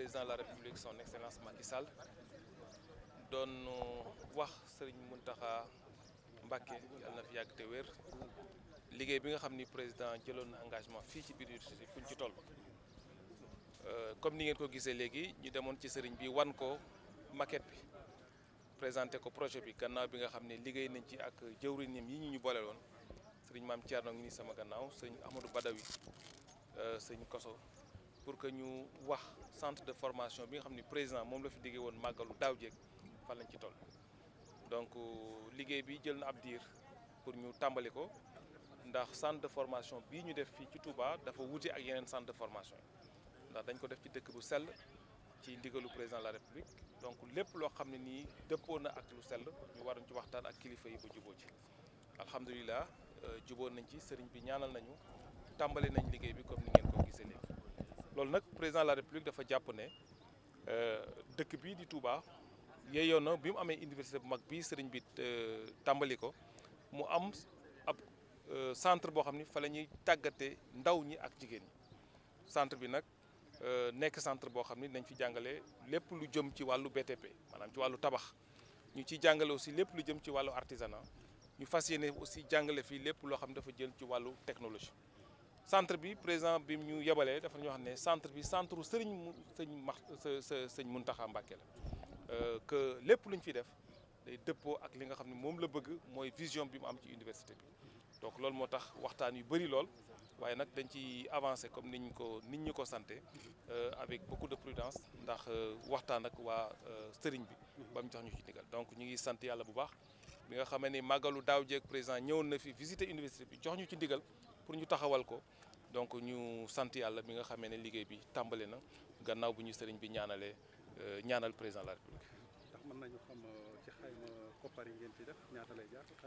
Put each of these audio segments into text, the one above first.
président de la république son excellence Macky Sall doon wax sëriñ Mountakha Mbacké yàlla na fi yàgg te wér liggéey bi nga xam ni président jëloon na engagement fii ci biir université fuñ ci toll. Euh, comme ni ngeen ko gisee léegi ñu demoon ci sëriñ bi wan ko maquette bi présenté ko projet bi gannaaw bi nga xam ne liggéey nañ ci ak jëw jëwriñam yi ñu ñu boole woon sëriñ maam Thierno ngi nii sama gannaaw sëriñ amatu Badawi euh, sëriñ Koso. pour que ñu wax centre de formation bi nga xam ni président moom la fi diggee woon màggalu daaw jéeg fan lañ ci toll donc euh, liggéey bi jël na ab diir pour ñu tàmbali ko ndax centre de formation bii ñu def fii ci Touba dafa wuti ak yeneen centre de formation yi ndax dañ ko def ci dëkk bu sell ci ndigalu président de la république donc lépp loo xam ne nii dëppoo na ak lu sell ñu waroon ci waxtaan ak kilifa yi ba juboo ci alhamdulilah euh, juboo nañ ci sëriñ bi ñaanal nañu tàmbali nañ liggéey bi comme ni ngeen ko gisee léegi loolu nag président de la république dafa jàpp ne euh, dëkk bi di Touba yeeyoon na bi mu amee université bu mag bii sëriñ bi euh, tàmbali ko mu am ab euh, centre boo xam ni fa ñuy tàggate ndaw ñi ak jigéen ñi centre bi nag nekk centre boo xam ni nañ fi jàngale lépp lu jëm ci wàllu BTP maanaam ci wàllu tabax ñu ci jàngale aussi lépp lu jëm ci wàllu artisanat ñu fas yéene aussi jàngale fii lépp loo xam dafa jël ci wàllu technologie centre bi président bi ñu yebalee dafa ñu xam ne centre bi centre sëriñ mu sëñ max sa sëñ Muntaxa Mbàkke la euh, que lépp lu ñu fi def day dëppoo ak li nga xam ne moom la bëgg mooy vision bi mu am ci université bi donc loolu moo tax waxtaan yu bëri lool waaye nag dañ ci avancer comme ni ko nit ñu ko santé euh, avec beaucoup de prudence ndax euh, waxtaan ak waa sëriñ bi ba jox ñu ci ndigal donc ñu ngi sant yàlla bu baax bi nga xamee ne màggalu daaw jeeg président ñëwoon na fi visiter université bi jox ñu ci ndigal pour ñu taxawal ko donc ñu sant yàlla bi nga xamee ne liggéey bi tàmbali na gannaaw bu ñu sëriñ bi ñaanalee euh, ñaanal président de la république. ndax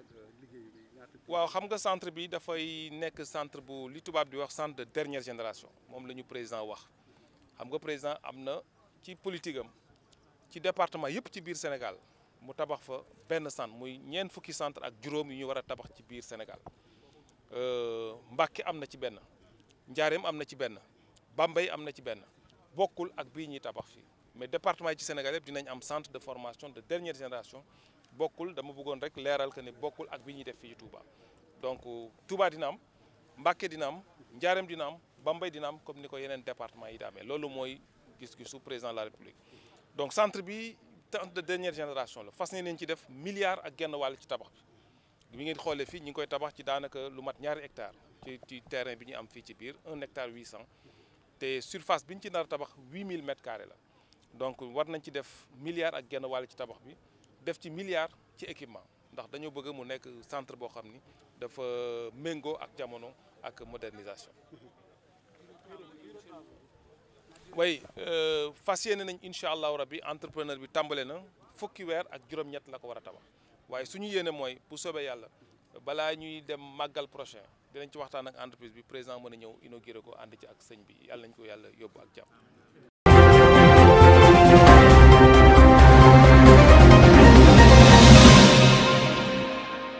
euh, euh, waaw xam nga centre bi dafay nekk centre bu li tubaab di wax centre de dernière génération moom la ñu président wax xam nga président am na ci politique am ci département yëpp ci biir Sénégal mu tabax fa benn centre muy ñeent fukki centre ak juróom yu ñu war a tabax ci biir Sénégal. Euh, Mbàkke am na ci benn Njaareem am na ci benn Bambey am na ci benn bokkul ak bii ñuy tabax fii mais département yi ci Sénégal yëpp dinañ am centre de formation de dernière génération bokkul dama bëggoon rek leeral que ne bokkul ak bi ñuy def fii ci donc Touba dina am Mbàkke dina am Njaareem dina am Bambey dina am comme ni ko yeneen département yi daamee loolu mooy gis-gisu président de la République donc centre bi centre de dernière génération la fas nañ ci def milliards ak genn wàll ci tabax bi ngeen xoolee fii ñu ngi koy tabax ci daanaka lu mat ñaari hectare ci ci terrain bi ñu am fii ci biir un hectare huit cent te surface bi ñu ci nar a tabax huit mille mètres carrés la donc war nañ ci def milliard ak genn wàll ci tabax bi def ci milliard ci équipement ndax dañoo bëgg mu nekk centre boo xam ni dafa méngoo ak jamono ak modernisation way euh, fas yéene nañ incha allahu rabbi entrepreneur bi tàmbale na fukki weer ak juróom-ñett la ko war a tabax waaye suñu yéene mooy bu soobee yàlla balaa ñuy dem màggal prochain dinañ ci waxtaan ak entreprise bi président mën a ñëw inauguré ko ànd ci ak sëñ bi yàlla nañ ko yàlla yóbbu ak jàmm